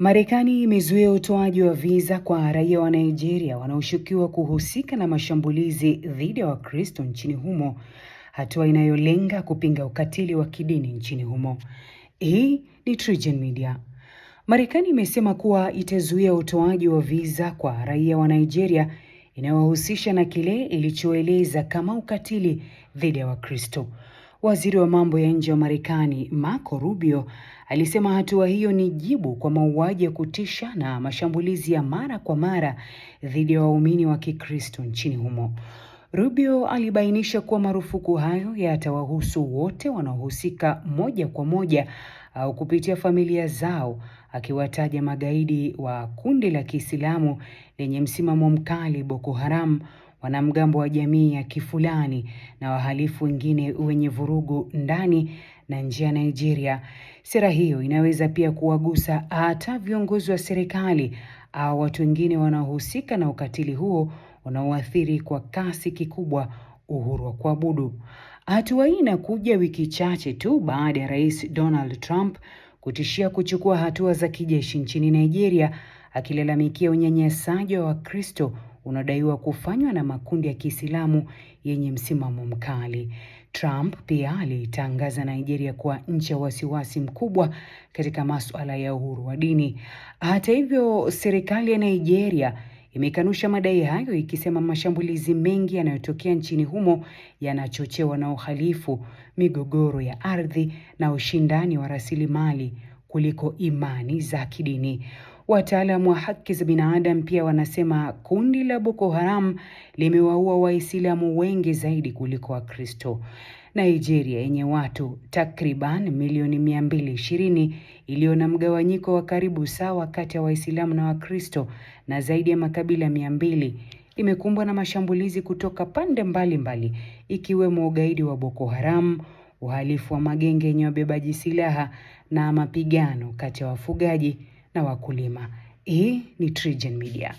Marekani imezuia utoaji wa viza kwa raia wa Nigeria wanaoshukiwa kuhusika na mashambulizi dhidi ya Wakristo nchini humo, hatua inayolenga kupinga ukatili wa kidini nchini humo. Hii ni TriGen Media. Marekani imesema kuwa itazuia utoaji wa viza kwa raia wa Nigeria inayohusisha na kile ilichoeleza kama ukatili dhidi ya Wakristo. Waziri wa mambo ya nje wa Marekani Marco Rubio alisema hatua hiyo ni jibu kwa mauaji ya kutisha na mashambulizi ya mara kwa mara dhidi ya waumini wa Kikristo nchini humo. Rubio alibainisha kuwa marufuku hayo yatawahusu wote wanaohusika moja kwa moja au kupitia familia zao, akiwataja magaidi wa kundi la Kiislamu lenye msimamo mkali Boko Haram, wanamgambo wa jamii ya Kifulani na wahalifu wengine wenye vurugu ndani na nje ya Nigeria. Sera hiyo inaweza pia kuwagusa hata viongozi wa serikali au watu wengine wanaohusika na ukatili huo unaoathiri kwa kasi kikubwa uhuru wa kuabudu. Hatua hii inakuja wiki chache tu baada ya Rais Donald Trump kutishia kuchukua hatua za kijeshi nchini Nigeria, akilalamikia unyanyasaji wa Wakristo unaodaiwa kufanywa na makundi ya Kiislamu yenye msimamo mkali. Trump pia aliitangaza Nigeria kuwa nchi ya wasiwasi mkubwa katika masuala ya uhuru wa dini. Hata hivyo, serikali ya Nigeria imekanusha madai hayo ikisema mashambulizi mengi yanayotokea nchini humo yanachochewa na uhalifu, migogoro ya ardhi na ushindani wa rasilimali kuliko imani za kidini wataalamu wa haki za binadamu pia wanasema kundi la Boko Haram limewaua Waislamu wengi zaidi kuliko Wakristo. Nigeria yenye watu takriban milioni mia mbili ishirini iliyo na mgawanyiko wa karibu sawa kati ya Waislamu na Wakristo na zaidi ya makabila mia mbili imekumbwa na mashambulizi kutoka pande mbalimbali ikiwemo ugaidi wa Boko Haram, uhalifu wa magenge yenye wabebaji silaha na mapigano kati ya wafugaji na wakulima. Hii ni TriGen Media.